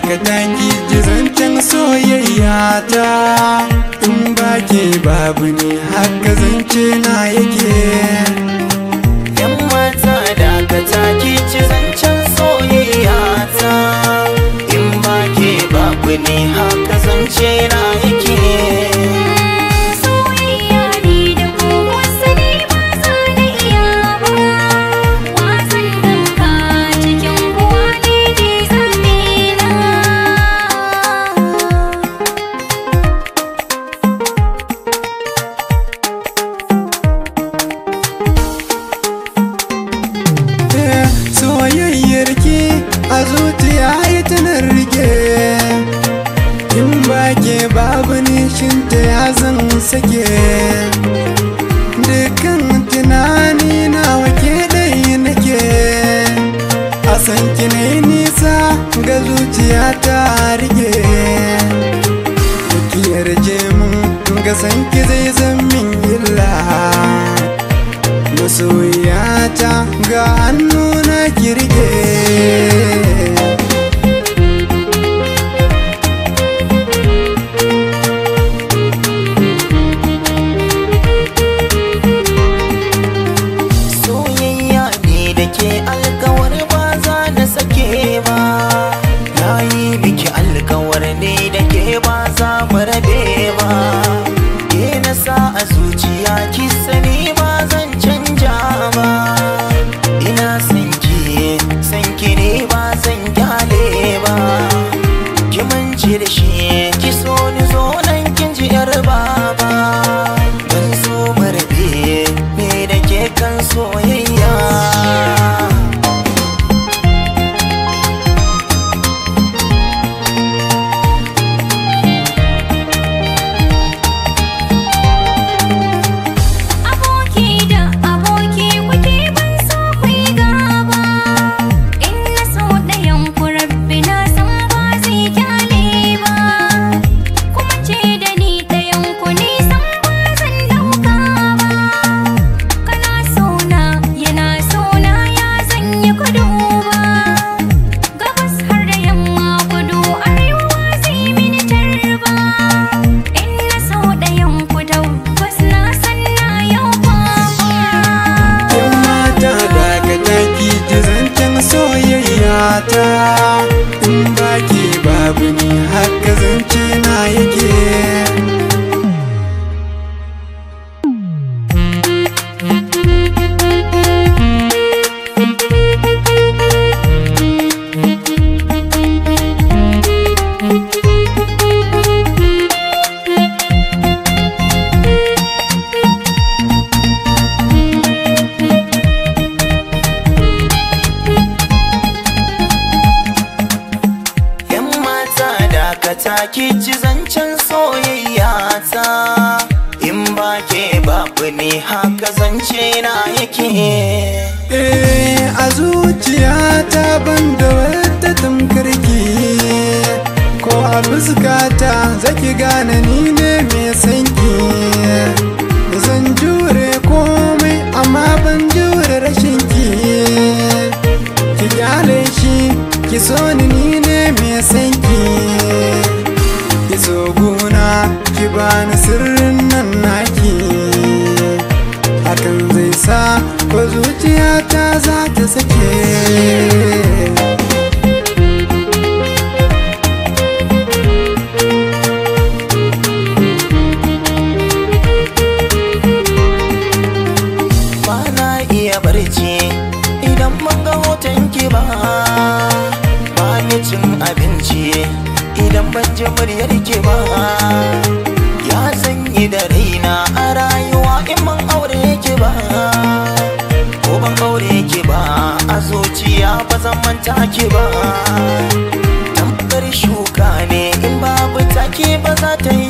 ka taki jizancen soyayya ta in ba ke babu ne haka zance na yake ta ya zan sake dukkan tunani na wake dai nake a san kine nisa ga zuciya ta rike ki yarje mun ga san ki zai zan min illa ta ga hannu na kirge yar baba ki ci zancen soyayya ta in ba ke babu ne haka zance na yake eh a zuciya ta ban da wata tamkarki ko a fuskata zaki gane ni ne mai sanki ban ji muryar ke ba ya sanyi da raina a rayuwa in man aure yake ba ko ban aure yake ba a zuciya ba zan manta ke ba shuka ne in babu take ba za ta yi